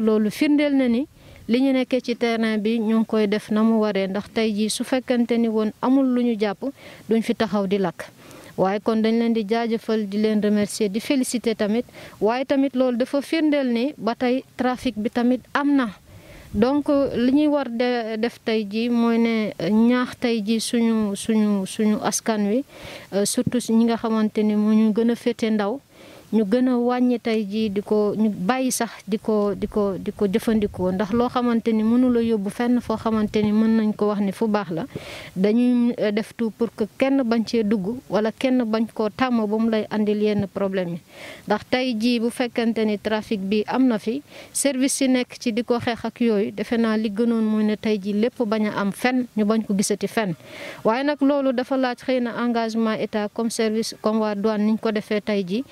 loolu firndeel na ni li ñu nekkee ci terrain bi ñu ngi koy def na mu waree ndax tey jii su fekkante ni woon amul lu ñu jàpp duñ fi taxaw di lakk waaye kon dañ leen di jaajëfal di leen remercier di féliciter tamit waaye tamit loolu dafa firndeel ni ba tey trafic bi tamit am na donc li ñuy war de def tey jii mooy ne ñaax tey jii suñu suñu suñu askan wi euh, surtout ñi nga xamante ni mu ñu gën a féete ndaw ñu gën a wàññi tey jii di ko ñu bàyyi sax di ko di ko di ko jëfandikoo ndax loo xamante ni mënula yóbbu fenn foo xamante ni mën nañ ko wax ni fu baax la dañuy eh, def tout pour que kenn bañ cee dugg wala kenn bañ koo tàmm ba mu lay andil yenn problème yi ndax tey jii bu fekkente ni trafic bi am na fi service yi nekk ci di ko xeex ak yooyu defe naa li gënoon mooy ne tey jii lépp bañ a am fenn ñu bañ ko gisati fenn waaye nag loolu dafa laaj xëy na engagement état comme service comme waa douane ko defee tey jii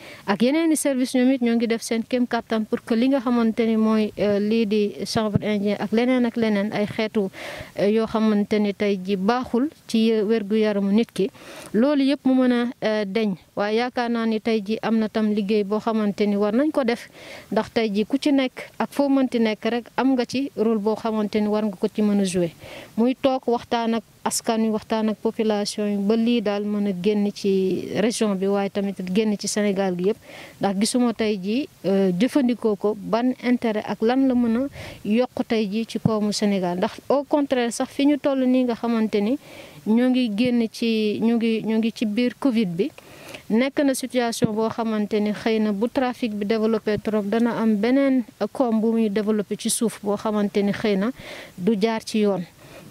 yeneen service ñoom it ñoo ngi def seen kéem kàttan pour que li nga xamante ni mooy euh, lii di chanvre indien ak leneen ak leneen ay xeetu euh, yoo xamante ni tey ji baaxul ci wérgu yaramu nit ki loolu yëpp mu mën a euh, deñ waaye yaakaar naa ni tey ji am na tam liggéey boo xamante ni war nañ ko def ndax tey ji ku ci nekk ak foo mënti nekk rek am nga ci rôle boo xamante ni war nga ko ci mën a jouer muy toog waxtaan ak askan wi waxtaan ak population yi ba lii daal mën a génn ci région bi waaye tamit génn ci Sénégal gi yëpp ndax gisuma tey jii euh, jëfandikoo ko ban intéret ak lan la mën a yokk tey jii ci koomu Sénégal ndax au contraire sax fi ñu toll nii nga xamante ni ñoo ngi génn ci ñu ngi ñu ngi ci biir Covid bi. nekk na situation boo xamante ni xëy na bu trafic bi développé trop dana am beneen koom bu muy développé ci suuf boo xamante ni xëy na du jaar ci yoon.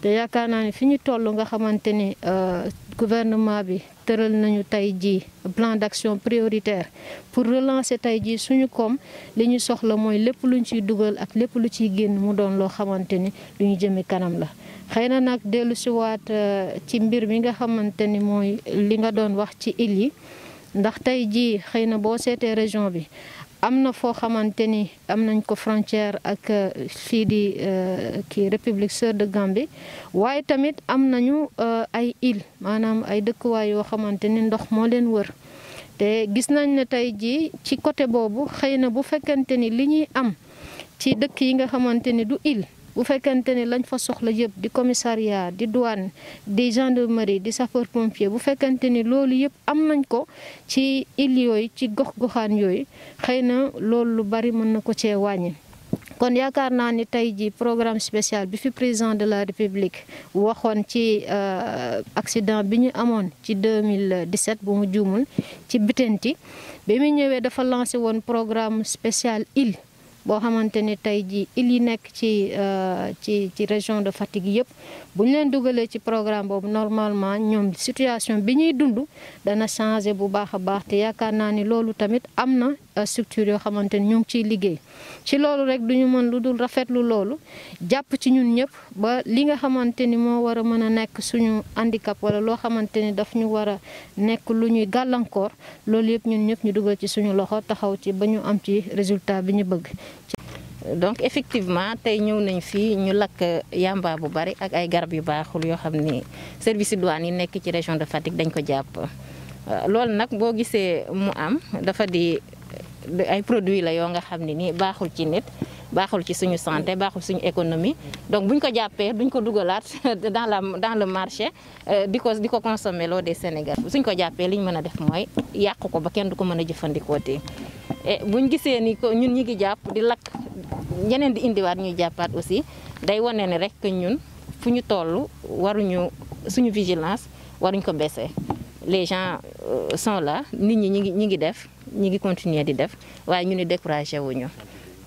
te yaakaar naa ni fi ñu toll nga xamante ni euh, gouvernement bi tëral nañu tey jii plan d'action prioritaire pour relancer tey jii suñu koom li ñu soxla mooy lépp luñ ciy dugal ak lépp lu ciy génn mu doon loo xamante ni lu ñu jëme kanam la xëy na nag dellu siwaat euh, ci mbir mi nga xamante ni mooy li nga doon wax ci île yi ndax tey jii xëy na boo seetee région bi am na foo xamante ni am nañ ko frontière ak euh, fii di euh, kii république sœur de Gambie waaye tamit am nañu euh, ay île maanaam ay dëkkuwaay yoo xamante ni ndox moo leen wër te gis nañ ne tey jii ci côté boobu xëy na bu fekkente ni li ñuy am ci dëkk yi nga xamante ni du île bu fekkente ne lañ fa soxla yëpp di commissariat di douane di gendarmerie di sapeur pompier bu fekkante ni loolu yëpp am nañ ko ci île yooyu ci gox-goxaan yooyu xëy na loolu lu bari mën na ko cee wàññi. kon yaakaar naa ni tey ji programme spécial bi fi président de la république waxoon ci euh, accident bi ñu amoon ci 2017 bu mu juumul ci Bitenti bi mu ñëwee dafa lancé woon programme spécial île boo xamante ni tey jii il yi nekk ci euh, ci ci région de Fatick yëpp bu ñu leen dugalee ci programme boobu normalement ñoom situation bi ñuy dund dana changer bu baax a baax te yaakaar naa ni loolu tamit am na structure yoo xamante ni ñu ngi ciy liggéey ci loolu rek duñu mën lu dul rafetlu loolu jàpp ci ñun ñëpp ba li nga xamante ni moo war a mën a nekk suñu handicap wala loo xamante ni daf ñu war a nekk lu ñuy gàllankoor loolu yëpp ñun ñëpp ñu dugal ci suñu loxo taxaw ci ba ñu am ci résultat bi ñu bëgg. donc effectivement tey ñëw nañ fii ñu lakk yamba bu bari ak ay garab yu baaxul yoo xam ni service douane yi nekk ci région de Fatick dañ ko jàpp euh, loolu ay produits la yoo nga xam ne nii baaxul ci nit baaxul ci suñu santé mm. baaxul suñu économie donc buñ ko jàppee duñ ko dugalaat dans la dans le marché euh, di ko di ko consommer loo des Sénégal suñ ko jàppee liñ mën a def mooy yàqu ko ba kenn du ko mën a jëfandikoo tey et buñ gisee ni ko ñun ñi ngi jàpp di lakk ñeneen di indiwaat ñuy jàppaat aussi day wane ne rek ñun fu ñu toll waruñu suñu vigilance waruñ ko bese les gens euh, sont là nit ñi ñi ngi ñi ngi def ñu ngi continuer di def waaye ñu ne découragé wuñu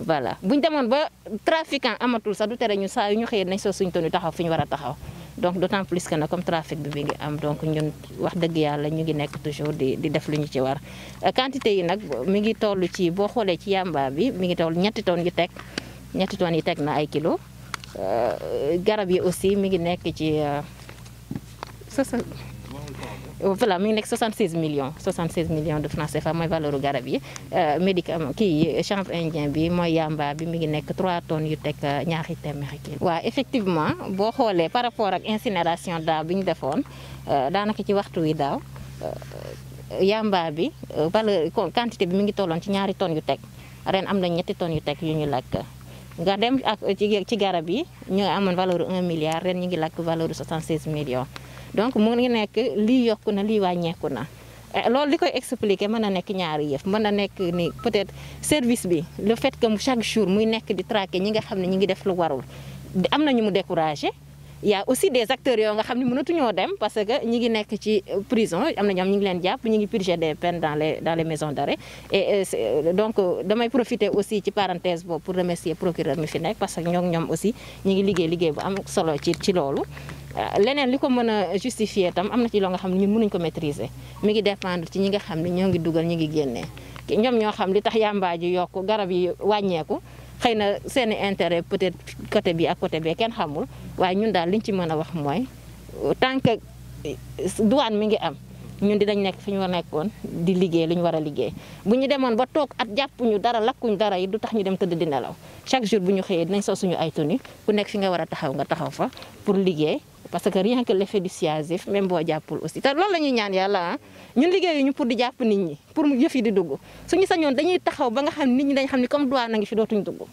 voilà buñ demoon ba trafiquant amatul sax du tere ñu saa yu ñu xëyee nañ soo suñ tonu taxaw fi ñu war a taxaw donc d'autant plus que na comme trafic bi bi ngi am donc ñun wax dëgg yàlla ñu ngi nekk toujours di di def lu ñu ci war euh, quantité yi nag mi ngi toll ci boo xoolee ci yamba bi mi ngi toll ñetti tonnes yu teg ñetti tonnes yi teg na ay kilo euh, garab yi aussi mi ngi nekk ci euh, Euh, voilà mi ngi nekk 76 millions 76 millions de francs CFA mooy valeur garab yi euh, médicament kii chanvre indien bi mooy yamba bi mi ngi nekk trois tonnes yu teg euh, ñaari téeméeri kii. waa effectivement boo xoolee par rapport ak incinération daaw bi ñu defoon daanaka ci waxtu wi daaw yamba bi valeur quantité bi mu ngi tolloon ci ñaari tonnes yu teg ren am na ñetti tonnes yu teg yu ñu lakk. nga dem ak ci garab yi ñoo amoon valeur 1 milliard ren ñu ngi lakk valeur 76 millions. donc mu ngi nekk lii yokku na lii wàññeeku na eh, loolu li koy expliquer mën na nekk ñaari yëf mën na nekk ni peut-être service bi le fait que chaque jour muy nekk di traquer ñi nga xam ne ñi ngi def lu warul am na ñu mu découragé yaa a aussi des acteurs yoo nga xam ne mënatuñoo dem parce que ñi ngi nekk ci prison am na ñoom ñi ngi leen jàpp ñu ngi purger des peines dans les dans les maisons euh, euh, donc euh, damay profiter aussi ci parenthèse boobu pour remercier procureur mi fi nekk parce que ñoo ngi ñoom aussi ñi liggéey liggéey bu am solo ci ci loolu Euh, leneen li ko mën a justifier tam am na ci loo nga xam ne ñun mënuñ ko maîtriser mi ngi dépendre ci ñi nga xam ne ñoo ngi dugal ñu ngi génnee ñoom ñoo xam li tax yàmbaa ji yokk garab yi wàññeeku xëy na seeni intérêt peut-être côté bi ak côté bee kenn xamul waaye ñun daal li liñ ci mën a wax mooy tant que euh, douane mi ngi am ñun dinañ nekk fi ñu war nekkoon di liggéey li ñu war a liggéey bu ñu demoon ba toog at jàppuñu dara lakkuñ dara yi du tax ñu dem tëdd di nelaw jour bu ñu xëyee dinañ soo suñu ay tenue fi nga war a taxaw nga taxaw fa pour liggéey parce que rien que l'effet dissuasif même boo jàppul aussi te loolu la ñuy ñaan yàlla ah. ñu ñun liggéeyuñu pour di jàpp nit ñi pour yëf yi di dugg suñu sañoon dañuy taxaw ba nga xam nit ñi dañ xam ni comme doigt na ngi fi dootuñ dugg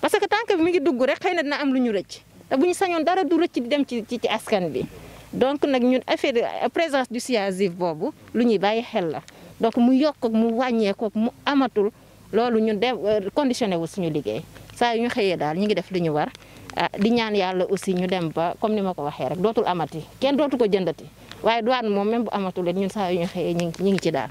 parce que tant que mi ngi dugg rek xëy na am lu ñu rëcc te bu ñu sañoon dara du rëcc di dem ci ci askan bi donc nag ñun effet présence dissuasive boobu lu ñuy bàyyi xel la donc mu yokk ak mu wàññeeku mu amatul loolu ñun de euh, conditionné wu suñu liggéey saa yu ñu xëyee daal ñu ngi def li ñu war Ah, di ñaan yàlla aussi ñu dem ba comme ni ma ko waxee rek dootul amati kenn dootu ko jëndati waaye douane moom même bu amatul it ñun saa yu ñu xëyee ñu ngi ci daal.